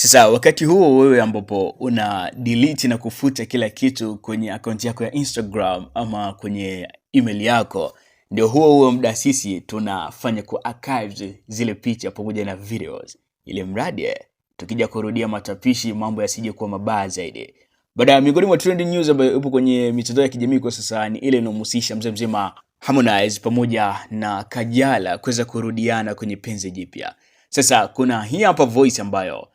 Sasa wakati huo wewe ambapo una delete na kufuta kila kitu kwenye akaunti yako ya Instagram ama kwenye email yako, ndio huo huo muda sisi tunafanya ku archive zile picha pamoja na videos, ili mradi eh, tukija kurudia matapishi mambo yasije kuwa mabaya zaidi. Baada ya uh, miongoni mwa trend news ambayo ipo kwenye mitandao ya kijamii kwa sasa ni ile inayomhusisha mzee mzima Harmonize pamoja na Kajala kuweza kurudiana kwenye penzi jipya. Sasa kuna hii hapa voice ambayo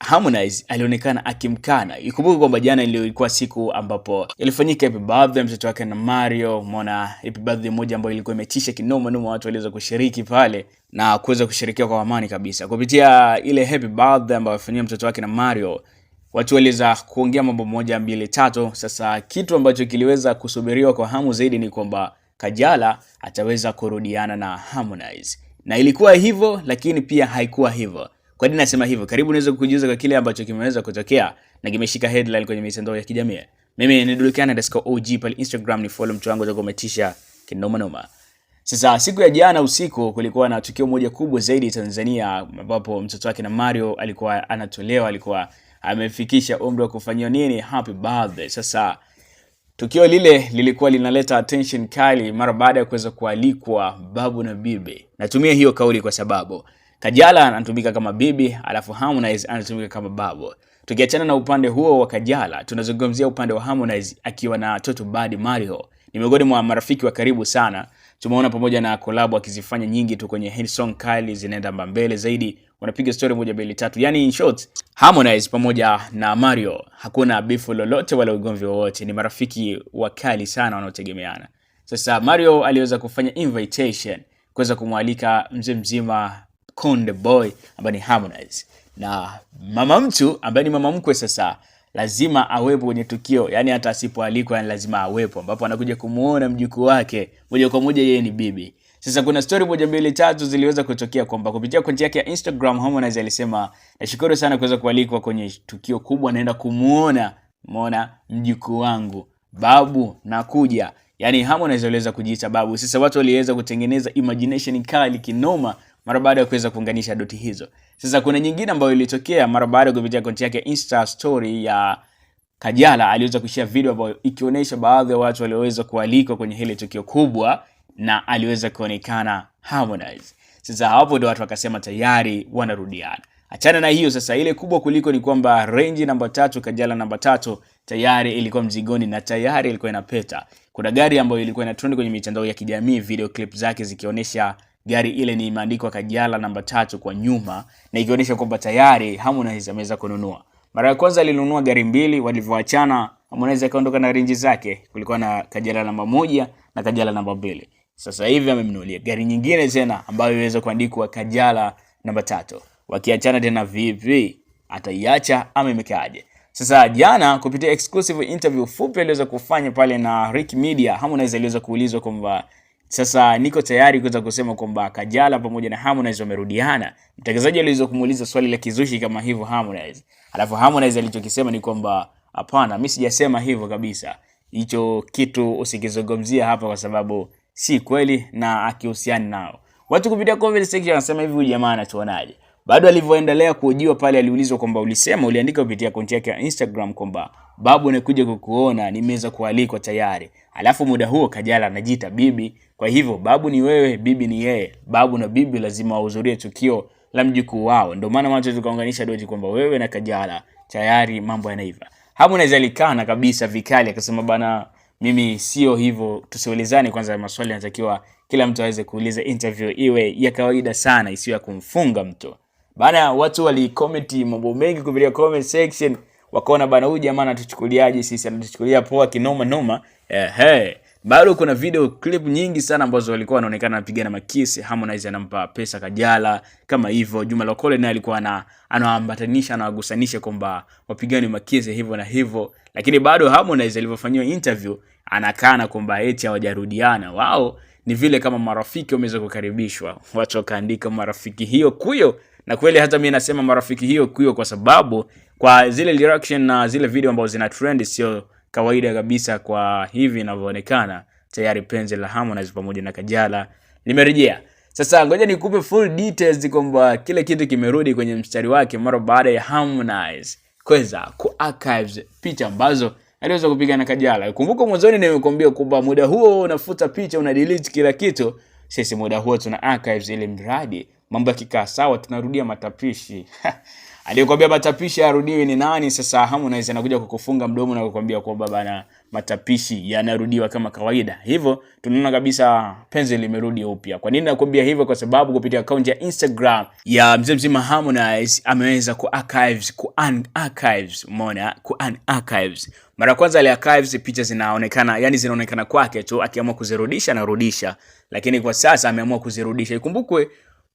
Harmonize alionekana akimkana. Ikumbuke kwamba jana ilikuwa siku ambapo ilifanyika happy birthday mtoto wake na Mario. Umeona happy birthday moja ambayo ilikuwa imetisha kinoma noma, watu waliweza kushiriki pale na kuweza kushirikia kwa amani kabisa kupitia ile happy birthday ambayo alifanyia mtoto wake na Mario. Watu waliweza kuongea mambo moja mbili tatu. Sasa kitu ambacho kiliweza kusubiriwa kwa hamu zaidi ni kwamba Kajala ataweza kurudiana na Harmonize, na ilikuwa hivyo, lakini pia haikuwa hivyo. Kwa nini nasema hivyo? Karibu niweze kukujuza kwa kile ambacho kimeweza kutokea na kimeshika headline kwenye mitandao ya kijamii. Mimi ni Dulkiana underscore OG pale Instagram, ni follow mtu wangu za kumetisha kinoma noma. Sasa siku ya jana usiku kulikuwa na tukio moja kubwa zaidi Tanzania, ambapo mtoto wake na Mario alikuwa anatolewa, alikuwa amefikisha umri wa kufanyiwa nini, happy birthday. Sasa tukio lile lilikuwa linaleta attention kali mara baada ya kuweza kualikwa babu na bibi. Natumia hiyo kauli kwa sababu Kajala anatumika kama bibi, alafu Harmonize anatumika kama babo. Tukiachana na upande huo wa Kajala, tunazungumzia upande wa Harmonize akiwa na Toto Badi Mario. Ni miongoni mwa marafiki wa karibu sana. Tumeona pamoja na kolabu akizifanya nyingi tu kwenye Hillsong, kali zinaenda mbele zaidi, wanapiga story moja mbili tatu. Yani in short, Harmonize pamoja na Mario hakuna bifu lolote wala ugomvi wowote, ni marafiki wa kali sana wanaotegemeana. Sasa Mario aliweza kufanya invitation kuweza kumwalika mzee mzima Konde Boy ambaye ni Harmonize. Na mama mtu ambaye ni mama mkwe sasa lazima awepo kwenye tukio, yani hata asipoalikwa, yani lazima awepo, ambapo anakuja kumuona mjukuu wake moja kwa moja, yeye ni bibi. Sasa kuna story moja mbili tatu ziliweza kutokea kwamba kupitia akaunti yake ya Instagram Harmonize alisema nashukuru sana kuweza kualikwa kwenye tukio kubwa, naenda kumuona muona mjukuu wangu babu, nakuja. Yani Harmonize aliweza kujiita babu. Sasa watu waliweza kutengeneza imagination kali kinoma mara baada ya kuweza kuunganisha doti hizo. Sasa kuna nyingine ambayo ilitokea mara baada ya kupitia akaunti yake Insta story ya Kajala, aliweza kushia video ambayo ikionyesha baadhi ya watu walioweza kualikwa kwenye hili tukio kubwa na aliweza kuonekana Harmonize. Sasa hapo ndio watu wakasema tayari wanarudiana. Achana na hiyo sasa, ile kubwa kuliko ni kwamba range namba tatu Kajala namba tatu tayari ilikuwa mzigoni na tayari ilikuwa inapeta. Kuna gari ambayo ilikuwa inatrend kwenye mitandao ya kijamii, video clip zake zikionyesha gari ile ni imeandikwa Kajala namba tatu kwa nyuma, na ikionyesha kwamba tayari Harmonize ameweza kununua. Mara ya kwanza alinunua gari mbili, walivyoachana Harmonize akaondoka na renji zake, kulikuwa na Kajala namba moja na Kajala namba mbili. Sasa hivi amemnunulia gari nyingine tena ambayo iweza kuandikwa Kajala namba tatu. Wakiachana tena vipi? Ataiacha ama imekaaje? Sasa jana kupitia exclusive interview fupi aliweza kufanya pale na Rick Media, Harmonize aliweza kuulizwa kwamba sasa niko tayari kuweza kusema kwamba Kajala pamoja na Harmonize wamerudiana. Mtangazaji aliweza kumuuliza swali la kizushi kama hivyo Harmonize, alafu Harmonize alichokisema ni kwamba hapana, mimi sijasema hivyo kabisa, hicho kitu usikizungumzia hapa kwa sababu si kweli na akihusiani nao. Watu kupitia comment section wanasema hivi, huyu jamaa anatuonaje? Bado alivyoendelea kujiwa pale, aliulizwa kwamba ulisema, uliandika kupitia akaunti yake ya Instagram kwamba babu anakuja kukuona, nimeweza kualikwa tayari. Alafu muda huo Kajala anajiita bibi. Kwa hivyo babu ni wewe, bibi ni yeye. Babu na bibi lazima wahudhurie tukio la mjukuu wao. Ndio maana watu tukaunganisha doji kwamba wewe na Kajala tayari mambo yanaiva. Harmonize alikana kabisa vikali, akasema bana, mimi sio hivyo, tusiulizane kwanza. Maswali yanatakiwa kila mtu aweze kuuliza, interview iwe ya kawaida sana, isiyo ya kumfunga mtu bana. Watu walikomenti mambo mengi kupitia comment section wakaona bana, huyu jamaa anatuchukuliaje sisi, anatuchukulia poa kinoma noma. Ehe, bado kuna video clip nyingi sana ambazo walikuwa wanaonekana anapigana makisi, Harmonize anampa pesa Kajala kama hivyo. Juma Lokole naye alikuwa ana anawaambatanisha anawagusanisha kwamba wapigane makisi hivyo na hivyo, lakini bado Harmonize alivyofanyiwa interview anakana kwamba eti hawajarudiana wao ni vile kama marafiki wameweza kukaribishwa, watu wakaandika marafiki hiyo kuyo na kweli hata mimi nasema marafiki, hiyo kuyo, kwa sababu kwa zile reaction na zile video ambazo zina trend sio kawaida kabisa. Kwa hivi inavyoonekana, tayari penzi la Harmonize pamoja na Kajala limerejea. Sasa ngoja nikupe full details kwamba kile kitu kimerudi kwenye mstari wake mara baada ya Harmonize kuweza ku archives picha ambazo aliweza kupiga na Kajala. Kumbuka mwanzoni nimekuambia kwamba muda huo unafuta picha, una delete kila kitu. Sisi muda huo tuna archives ile mradi mambo yakikaa sawa, tunarudia matapishi aliyekwambia matapishi yarudiwi ni nani? Sasa hamu naweza nakuja kukufunga mdomo na kukwambia kwamba bana, matapishi yanarudiwa kama kawaida. Hivyo tunaona kabisa penzi limerudi upya. Kwa nini nakuambia hivyo? Kwa sababu kupitia akaunti ya Instagram ya mzee mzima Harmonize ameweza ku archives ku archives, umeona ku archives mara kwanza ile archives picha zinaonekana, yani zinaonekana kwake tu, akiamua kuzirudisha na rudisha, lakini kwa sasa ameamua kuzirudisha. Ikumbukwe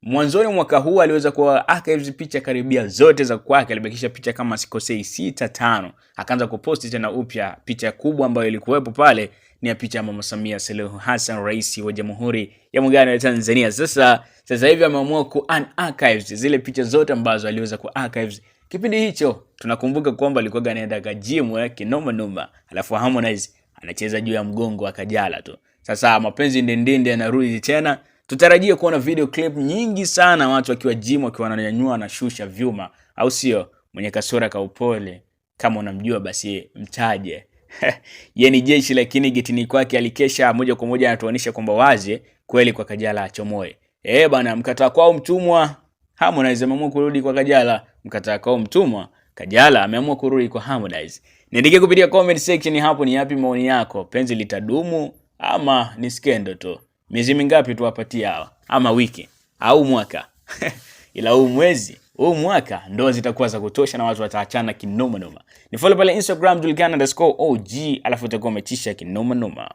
Mwanzoni mwaka huu aliweza kuwa archives picha karibia zote za kwake, alibakisha picha kama sikosei sita tano. Akaanza kuposti tena upya picha kubwa ambayo ilikuwepo pale ni ya picha ya Mama Samia Suluhu Hassan, rais wa Jamhuri ya Muungano wa Tanzania. Sasa sasa hivi ameamua ku unarchives zile picha zote ambazo aliweza ku archives kipindi hicho. Tunakumbuka kwamba alikuwa anaenda kajimu kinoma noma, alafu Harmonize anacheza juu ya mgongo akajala tu. Sasa mapenzi ndendende yanarudi tena Tutarajie kuona video clip nyingi sana, watu wakiwa gym wakiwa wananyanyua na shusha vyuma, au sio? Mwenye kasura ka upole kama unamjua basi mtaje. Ye ni jeshi, lakini getini kwake alikesha moja kwa moja, anatuonyesha kwamba wazi kweli kwa Kajala achomoe. Eh bana, mkataa kwao mtumwa. Harmonize ameamua kurudi kwa Kajala. Mkataa kwao mtumwa, Kajala ameamua kurudi kwa Harmonize. Niandike kupitia comment section hapo, ni yapi maoni yako? Penzi litadumu ama ni skendo tu? miezi mingapi tuwapatie hawa, ama wiki au mwaka? ila huu mwezi huu mwaka ndoa zitakuwa za kutosha na watu wataachana kinomanoma Ni folo pale Instagram og alafu utakuwa umetisha kinomanoma